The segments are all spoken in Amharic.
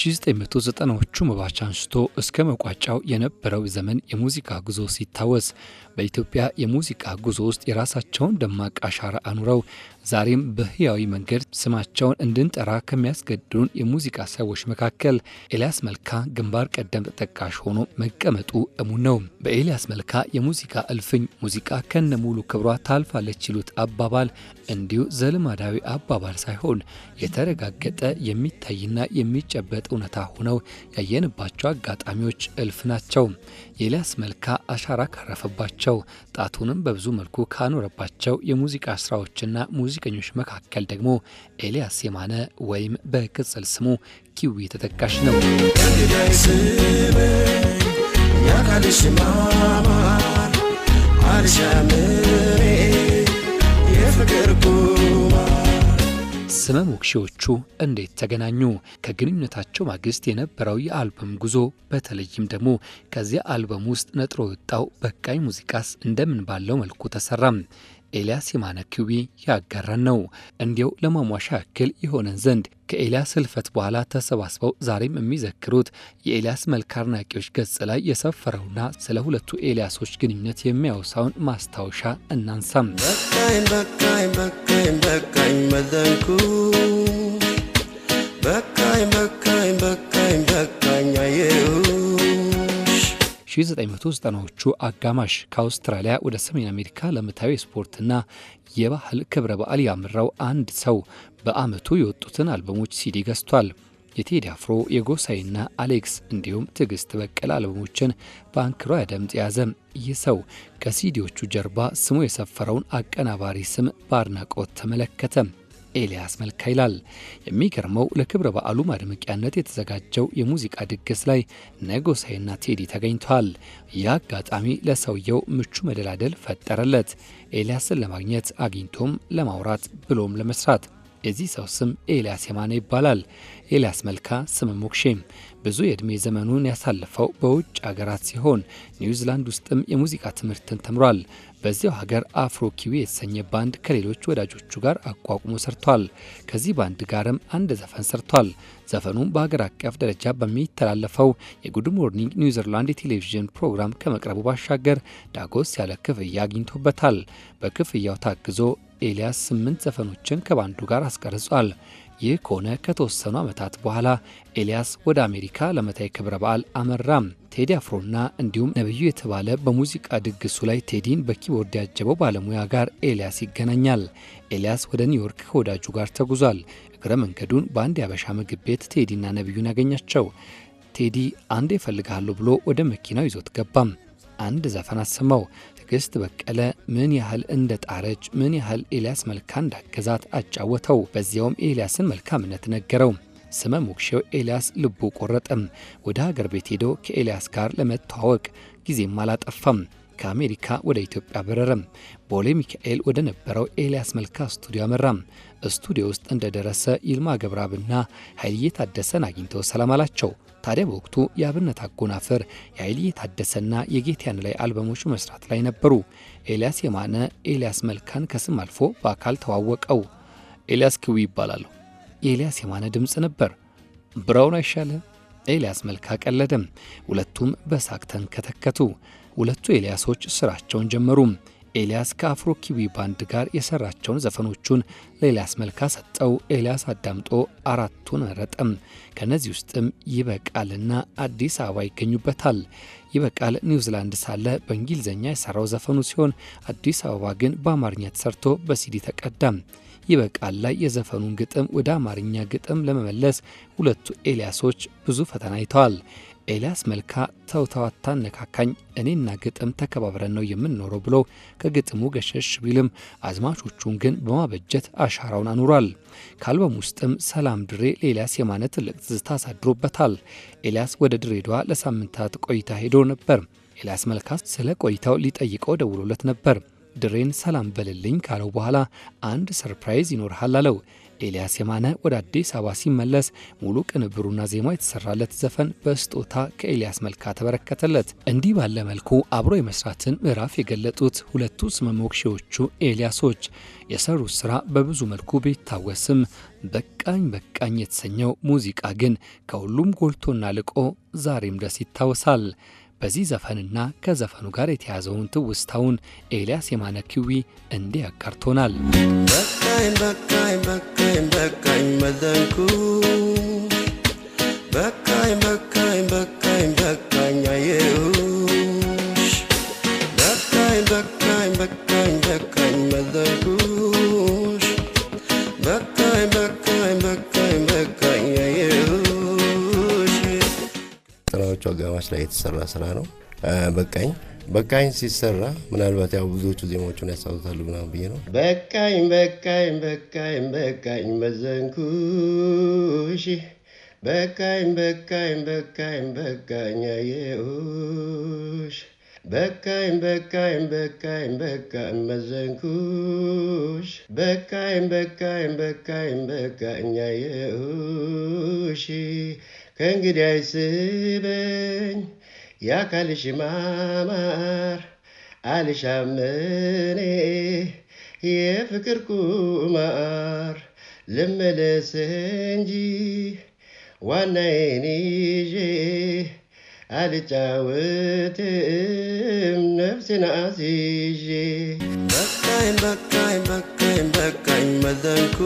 ከ1990ዎቹ መባቻ አንስቶ እስከ መቋጫው የነበረው ዘመን የሙዚቃ ጉዞ ሲታወስ በኢትዮጵያ የሙዚቃ ጉዞ ውስጥ የራሳቸውን ደማቅ አሻራ አኑረው ዛሬም በህያዊ መንገድ ስማቸውን እንድንጠራ ከሚያስገድዱን የሙዚቃ ሰዎች መካከል ኤልያስ መልካ ግንባር ቀደም ተጠቃሽ ሆኖ መቀመጡ እሙን ነው። በኤልያስ መልካ የሙዚቃ እልፍኝ ሙዚቃ ከነ ሙሉ ክብሯ ታልፋለች ይሉት አባባል እንዲሁ ዘልማዳዊ አባባል ሳይሆን የተረጋገጠ የሚታይና የሚጨበጥ እውነታ ሆነው ያየንባቸው አጋጣሚዎች እልፍ ናቸው። የኤልያስ መልካ አሻራ ካረፈባቸው ናቸው። ጣቱንም በብዙ መልኩ ካኖረባቸው የሙዚቃ ስራዎችና ሙዚቀኞች መካከል ደግሞ ኤልያስ የማነ ወይም በቅጽል ስሙ ኪዊ ተጠቃሽ ነው። የፍቅር ጉማ ስመ ሞክሼዎቹ እንዴት ተገናኙ? ከግንኙነታቸው ማግስት የነበረው የአልበም ጉዞ፣ በተለይም ደግሞ ከዚያ አልበም ውስጥ ነጥሮ የወጣው በቃኝ ሙዚቃስ እንደምን ባለው መልኩ ተሰራም? ኤልያስ የማነ ኪዊ ያጋራን ነው። እንዲያው ለማሟሻ ያክል የሆነን ዘንድ ከኤልያስ ህልፈት በኋላ ተሰባስበው ዛሬም የሚዘክሩት የኤልያስ መልክ አድናቂዎች ገጽ ላይ የሰፈረውና ስለ ሁለቱ ኤልያሶች ግንኙነት የሚያወሳውን ማስታወሻ እናንሳም። በቃኝ በቃኝ በቃኝ በቃኝ መዘንኩ በቃኝ በቃኝ በቃኝ በቃኝ 1990 ዎቹ አጋማሽ ከአውስትራሊያ ወደ ሰሜን አሜሪካ ለምታዊ ስፖርትና የባህል ክብረ በዓል ያመራው አንድ ሰው በዓመቱ የወጡትን አልበሞች ሲዲ ገዝቷል። የቴዲ አፍሮ የጎሳይና አሌክስ እንዲሁም ትዕግስት በቀለ አልበሞችን በአንክሯ ድምፅ የያዘ ይህ ሰው ከሲዲዎቹ ጀርባ ስሙ የሰፈረውን አቀናባሪ ስም በአድናቆት ተመለከተ። ኤልያስ መልካ ይላል። የሚገርመው ለክብረ በዓሉ ማድመቂያነት የተዘጋጀው የሙዚቃ ድግስ ላይ ነጎሳይና ቴዲ ተገኝተዋል። ይህ አጋጣሚ ለሰውየው ምቹ መደላደል ፈጠረለት። ኤልያስን ለማግኘት አግኝቶም ለማውራት ብሎም ለመስራት የዚህ ሰው ስም ኤልያስ የማነ ይባላል። ኤልያስ መልካ ስም ሞክሼም ብዙ የዕድሜ ዘመኑን ያሳለፈው በውጭ አገራት ሲሆን ኒውዚላንድ ውስጥም የሙዚቃ ትምህርትን ተምሯል። በዚያው ሀገር አፍሮ ኪዊ የተሰኘ ባንድ ከሌሎች ወዳጆቹ ጋር አቋቁሞ ሰርቷል። ከዚህ ባንድ ጋርም አንድ ዘፈን ሰርቷል። ዘፈኑም በሀገር አቀፍ ደረጃ በሚተላለፈው የጉድ ሞርኒንግ ኒውዚርላንድ የቴሌቪዥን ፕሮግራም ከመቅረቡ ባሻገር ዳጎስ ያለ ክፍያ አግኝቶበታል። በክፍያው ታግዞ ኤልያስ ስምንት ዘፈኖችን ከባንዱ ጋር አስቀርጿል። ይህ ከሆነ ከተወሰኑ ዓመታት በኋላ ኤልያስ ወደ አሜሪካ ለመታይ ክብረ በዓል አመራም። ቴዲ አፍሮና እንዲሁም ነብዩ የተባለ በሙዚቃ ድግሱ ላይ ቴዲን በኪቦርድ ያጀበው ባለሙያ ጋር ኤልያስ ይገናኛል። ኤልያስ ወደ ኒውዮርክ ከወዳጁ ጋር ተጉዟል። እግረ መንገዱን በአንድ የአበሻ ምግብ ቤት ቴዲና ነብዩን ያገኛቸው። ቴዲ አንድ ይፈልግሃለሁ ብሎ ወደ መኪናው ይዞት ገባም። አንድ ዘፈን አሰማው። ትዕግስት በቀለ ምን ያህል እንደ ጣረች፣ ምን ያህል ኤልያስ መልካ እንዳገዛት አጫወተው። በዚያውም ኤልያስን መልካምነት ነገረው። ስመ ሞክሼው ኤልያስ ልቡ ቆረጠም። ወደ ሀገር ቤት ሄዶ ከኤልያስ ጋር ለመተዋወቅ ጊዜም አላጠፋም። ከአሜሪካ ወደ ኢትዮጵያ በረረም። ቦሌ ሚካኤል ወደ ነበረው ኤልያስ መልካ ስቱዲዮ አመራም። ስቱዲዮ ውስጥ እንደደረሰ ይልማ ገብረአብና ኃይልዬ ታደሰን አግኝተው ሰላም አላቸው። ታዲያ በወቅቱ የአብነት አጎናፍር የታደሰ ታደሰና የጌትያን ላይ አልበሞች መስራት ላይ ነበሩ። ኤልያስ የማነ ኤልያስ መልካን ከስም አልፎ በአካል ተዋወቀው። ኤልያስ ክዊ ይባላሉ። የኤልያስ የማነ ድምፅ ነበር። ብራውን አይሻለ ኤልያስ መልካ ቀለደም። ሁለቱም በሳቅ ተንከተከቱ። ሁለቱ ኤልያሶች ስራቸውን ጀመሩ። ኤልያስ ከአፍሮ ኪዊ ባንድ ጋር የሰራቸውን ዘፈኖቹን ለኤልያስ መልካ ሰጠው። ኤልያስ አዳምጦ አራቱን መረጠም። ከእነዚህ ውስጥም ይበቃልና አዲስ አበባ ይገኙበታል። ይበቃል ኒውዚላንድ ሳለ በእንግሊዝኛ የሰራው ዘፈኑ ሲሆን አዲስ አበባ ግን በአማርኛ ተሰርቶ በሲዲ ተቀዳም። ይበቃል ላይ የዘፈኑን ግጥም ወደ አማርኛ ግጥም ለመመለስ ሁለቱ ኤልያሶች ብዙ ፈተና አይተዋል። ኤልያስ መልካ ተውታዋታ ነካካኝ እኔና ግጥም ተከባብረን ነው የምንኖረው ብሎ ከግጥሙ ገሸሽ ቢልም አዝማቾቹን ግን በማበጀት አሻራውን አኑሯል። ከአልበም ውስጥም ሰላም ድሬ ለኤልያስ የማነ ትልቅ ትዝታ አሳድሮበታል። ኤልያስ ወደ ድሬዳዋ ለሳምንታት ቆይታ ሄዶ ነበር። ኤልያስ መልካ ስለ ቆይታው ሊጠይቀው ደውሎለት ነበር። ድሬን ሰላም በልልኝ ካለው በኋላ አንድ ሰርፕራይዝ ይኖርሃል አለው። ኤልያስ የማነ ወደ አዲስ አበባ ሲመለስ ሙሉ ቅንብሩና ዜማ የተሰራለት ዘፈን በስጦታ ከኤልያስ መልካ ተበረከተለት። እንዲህ ባለ መልኩ አብሮ የመስራትን ምዕራፍ የገለጡት ሁለቱ ስመ ኤልያሶች የሰሩት ስራ በብዙ መልኩ ቢታወስም በቃኝ በቃኝ የተሰኘው ሙዚቃ ግን ከሁሉም ጎልቶና ልቆ ዛሬም ደስ ይታወሳል። በዚህ ዘፈንና ከዘፈኑ ጋር የተያዘውን ትውስታውን ኤልያስ የማነ ኪዊ እንዲህ ያጋርቶናል። በቃኝ በቃኝ በቃኝ በቃኝ መዘንኩ በቃኝ በቃኝ በቃኝ በቃኝ አየሁሽ በቃኝ በቃኝ በቃኝ በቃኝ መዘንኩሽ በቃኝ በቃኝ በቃኝ በቃኝ አየሁሽ። ጥናዎቹ አጋማሽ ላይ የተሰራ ስራ ነው። በቃኝ በቃኝ ሲሰራ ምናልባት ያው ብዙዎቹ ዜማዎቹን ያስታውሳሉ ምናምን ብዬ ነው። በቃኝ በቃኝ በቃኝ በቃኝ መዘንኩሽ በቃኝ በቃኝ በቃኝ በቃኝ አየሁሽ በቃኝ በቃኝ በቃኝ በቃኝ መዘንኩሽ በቃኝ በቃኝ በቃኝ በቃኝ አየሁሽ ከእንግዲህ አይስበኝ የአካልሽ ማማር አልሻምኔ የፍቅር ቁማር ልመለስ እንጂ ዋናዬን ይዤ አልጫወትም ነፍሴን አስይዤ በቃኝ በቃኝ በቃኝ በቃኝ መዘንኩ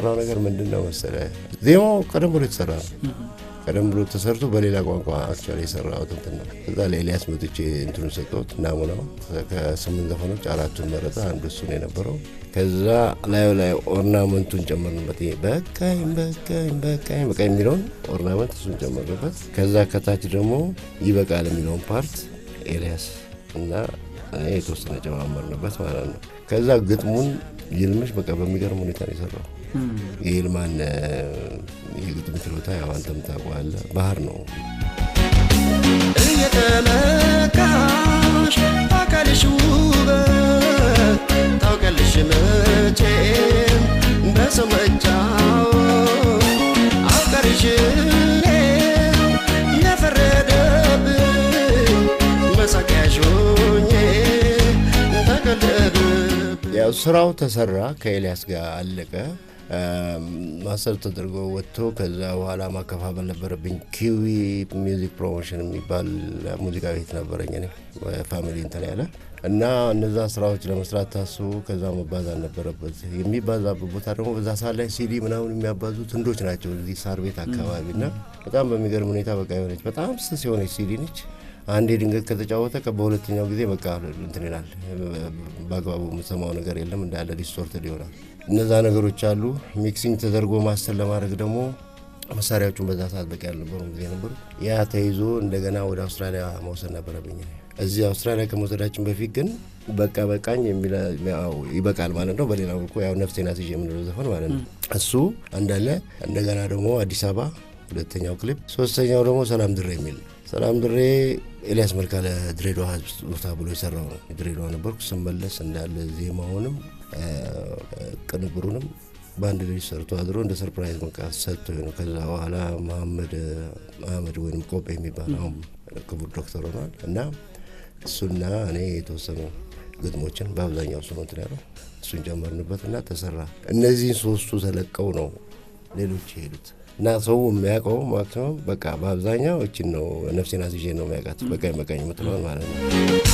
የሚሰራው ነገር ምንድን ነው መሰለ፣ ዜማው ቀደም ብሎ የተሰራ ነው። ቀደም ብሎ ተሰርቶ በሌላ ቋንቋ አክቹዋሊ የሰራሁት እንትን ነው። እዛ ለኤልያስ መጥቼ እንትኑን ሰጠሁት። ናሙናው ከስምንት ዘፈኖች አራቱን መረጠ። አንዱ እሱ የነበረው። ከዛ ላዩ ላይ ኦርናመንቱን ጨመርንበት። በቃኝ በቃኝ በቃኝ በቃ የሚለውን ኦርናመንት እሱን ጨመርንበት። ከዛ ከታች ደግሞ ይበቃል የሚለውን ፓርት ኤልያስ እና የተወሰነ ጨማመርንበት ማለት ነው። ከዛ ግጥሙን ይልምሽ በቃ በሚገርም ሁኔታ ነው የሰራው። የይልማን የግጥም ችሎታ ያው አንተም ታውቀዋለህ። ባህር ነው እየተመካሽ አካልሽ ውበት ታውቀልሽ መቼም በሰው መጫወት አፍቀርሽ ያው ስራው ተሰራ ከኤልያስ ጋር አለቀ። ማሰር ተደርጎ ወጥቶ ከዛ በኋላ ማከፋፈል ነበረብኝ። ኪዊ ሚዚክ ፕሮሞሽን የሚባል ሙዚቃ ቤት ነበረኝ እኔ ፋሚሊ እንትን ያለ እና እነዛ ስራዎች ለመስራት ታስቦ ከዛ መባዛ ነበረበት። የሚባዛበት ቦታ ደግሞ በዛ ሰዓት ላይ ሲዲ ምናምን የሚያባዙ ትንዶች ናቸው እዚህ ሳር ቤት አካባቢ እና በጣም በሚገርም ሁኔታ በቃ የሆነች በጣም ስስ የሆነች ሲዲ ነች። አንዴ ድንገት ከተጫወተ በሁለተኛው ጊዜ በቃ እንትን ይላል። በአግባቡ የምሰማው ነገር የለም እንዳለ ዲስቶርትድ ይሆናል። እነዛ ነገሮች አሉ። ሚክሲንግ ተደርጎ ማስተር ለማድረግ ደግሞ መሳሪያዎቹን በዛ ሰዓት በቂ ያልነበሩ ጊዜ ነበሩ። ያ ተይዞ እንደገና ወደ አውስትራሊያ መውሰድ ነበረብኝ። እዚህ አውስትራሊያ ከመውሰዳችን በፊት ግን በቃ በቃኝ ይበቃል ማለት ነው። በሌላ በኩ ያው ነፍሴ ናት ይዤ የምንለው ዘፈን ማለት ነው። እሱ አንዳለ እንደገና ደግሞ አዲስ አበባ ሁለተኛው ክሊፕ፣ ሶስተኛው ደግሞ ሰላም ድሬ የሚል ሰላም ድሬ ኤልያስ መልካለ ድሬዳዋ ህዝብ ቦታ ብሎ የሰራው ነው። ድሬዳዋ ነበርኩ ስመለስ እንዳለ ዜማውንም ቅንብሩንም በአንድ ልጅ ሰርቶ አድሮ እንደ ሰርፕራይዝ መቃት ሰጥቶ ሆነ። ከዛ በኋላ መሐመድ መሐመድ ወይም ቆጴ የሚባል አሁን ክቡር ዶክተር ሆኗል እና እሱና እኔ የተወሰኑ ግጥሞችን በአብዛኛው እሱ እንትን ያለው እሱን ጀመርንበት እና ተሰራ። እነዚህን ሶስቱ ተለቀው ነው ሌሎች የሄዱት እና ሰው የሚያውቀው ማክሲመም በቃ በአብዛኛው እችን ነው ነፍሴን አስይዤ ነው የሚያውቃት በቀኝ በቀኝ ምትለዋል ማለት ነው።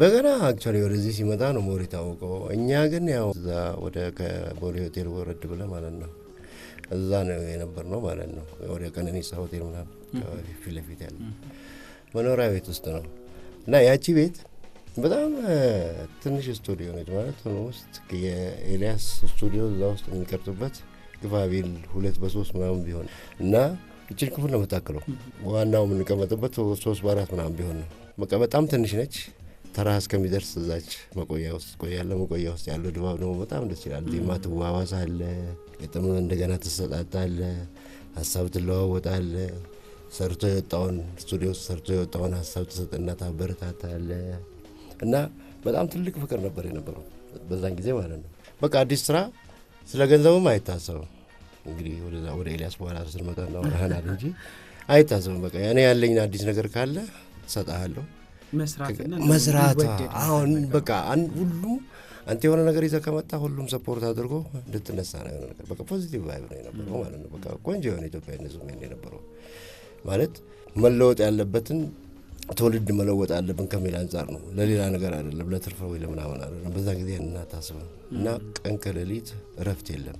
በገና አክቹዋሊ ወደዚህ ሲመጣ ነው ሞር የታወቀው። እኛ ግን ያው እዛ ወደ ከቦሌ ሆቴል ወረድ ብለ ማለት ነው እዛ ነው የነበር ነው ማለት ነው። ወደ ቀነኒሳ ሆቴል ምናምን ፊት ለፊት ያለ መኖሪያ ቤት ውስጥ ነው እና ያቺ ቤት በጣም ትንሽ ስቱዲዮ ነች ማለት ውስጥ የኤልያስ ስቱዲዮ እዛ ውስጥ የሚቀርጡበት ግፋቢል ሁለት በሶስት ምናምን ቢሆን እና እችን ክፍል ነው የምታክለው። ዋናው የምንቀመጥበት ሶስት በአራት ምናምን ቢሆን ነው። በቃ በጣም ትንሽ ነች። ተራ እስከሚደርስ እዛች መቆያ ውስጥ ቆያለ። መቆያ ውስጥ ያለው ድባብ ደግሞ በጣም ደስ ይላል። ዜማ ትዋዋሳለህ፣ ግጥም እንደገና ትሰጣጣለ፣ ሀሳብ ትለዋወጣለ። ሰርቶ የወጣውን ስቱዲዮ ውስጥ ሰርቶ የወጣውን ሀሳብ ትሰጥና ታበረታታለ። እና በጣም ትልቅ ፍቅር ነበር የነበረው በዛን ጊዜ ማለት ነው። በቃ አዲስ ስራ ስለ ገንዘቡም አይታሰብም። እንግዲህ ወደ ኤልያስ በኋላ ስንመጣ እናወራለን እንጂ አይታሰብም። በቃ ያኔ ያለኝ አዲስ ነገር ካለ ሰጠሃለሁ መስራት አሁን በቃ ሁሉም አንተ የሆነ ነገር ይዘህ ከመጣ ሁሉም ሰፖርት አድርጎ እንድትነሳ ነው የሆነ ነገር በቃ ፖዚቲቭ ቫይብ ነው የነበረው ማለት ነው። በቃ ቆንጆ የሆነ ኢትዮጵያዊነት ሜን የነበረው ማለት መለወጥ ያለበትን ትውልድ መለወጥ አለብን ከሚል አንጻር ነው። ለሌላ ነገር አይደለም፣ ለትርፍ ወይ ለምናምን አይደለም። በዛ ጊዜ እናታስበን እና ቀን ከሌሊት እረፍት የለም።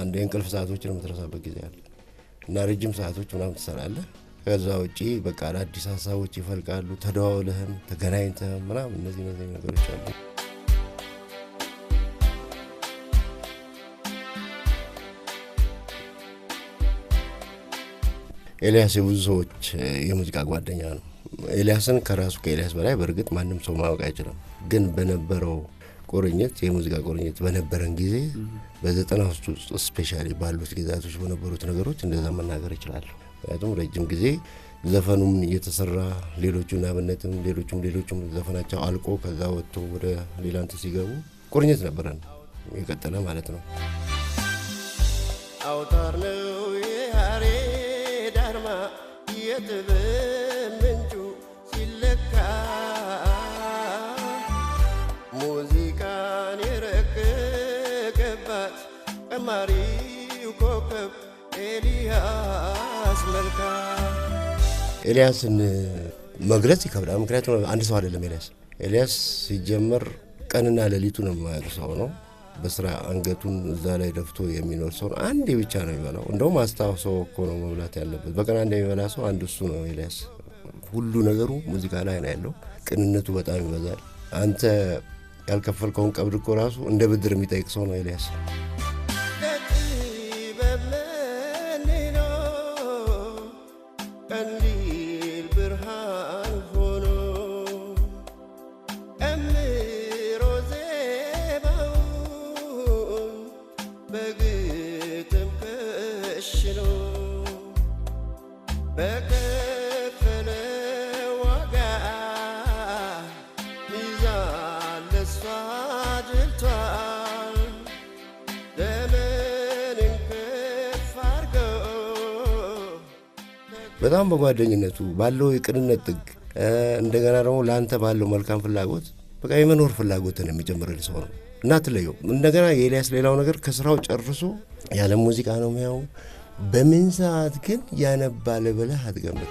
አንድ የእንቅልፍ ሰዓቶችን የምትረሳበት ጊዜ አለ እና ረጅም ሰዓቶች ምናምን ትሰራለህ ከዛ ውጪ በቃ አዳዲስ ሀሳቦች ይፈልቃሉ። ተደዋውለህም ተገናኝተህም ምናምን እነዚህ እነዚህ ነገሮች አሉ። ኤልያስ የብዙ ሰዎች የሙዚቃ ጓደኛ ነው። ኤልያስን ከራሱ ከኤልያስ በላይ በእርግጥ ማንም ሰው ማወቅ አይችልም። ግን በነበረው ቁርኝት የሙዚቃ ቁርኝት በነበረን ጊዜ በዘጠና ውስጥ ስፔሻሊ ባሉት ጊዜያቶች በነበሩት ነገሮች እንደዛ መናገር ይችላለሁ። ምክንያቱም ረጅም ጊዜ ዘፈኑም እየተሰራ ሌሎቹን አብነትም ሌሎቹም ሌሎቹም ዘፈናቸው አልቆ ከዛ ወጥቶ ወደ ሌላ እንትን ሲገቡ ቁርኘት ነበረን የቀጠለ ማለት ነው። አውታር ነው የያሬድ አርማ የጥበብ ምንጩ ሲለካ ሙዚቃን የረቀቀባት ቀማሪው ኮከብ ኤልያ ኤልያስን መግለጽ ይከብዳል። ምክንያቱም አንድ ሰው አይደለም ኤልያስ። ኤልያስ ሲጀመር ቀንና ነው የማያውቅ ሰው ነው። በስራ አንገቱን እዛ ላይ ደፍቶ የሚኖር ሰው ነው። አንዴ ብቻ ነው የሚበላው። እንደውም አስታውሶ እኮ ነው መብላት ያለበት። በቀን አንድ የሚበላ ሰው አንድ እሱ ነው ኤልያስ። ሁሉ ነገሩ ሙዚቃ ላይ ነው ያለው። ቅንነቱ በጣም ይበዛል። አንተ ያልከፈልከውን ቀብድ እኮ ራሱ እንደ ብድር የሚጠይቅ ሰው ነው ኤልያስ። በጣም በጓደኝነቱ ባለው የቅንነት ጥግ እንደገና ደግሞ ለአንተ ባለው መልካም ፍላጎት በቃ የመኖር ፍላጎትን የሚጀምርል ሰው ነው እና ትለየው። እንደገና የኤልያስ ሌላው ነገር ከስራው ጨርሶ ያለ ሙዚቃ ነው ሚያው። በምን ሰዓት ግን ያነባል ብለህ አትገምት።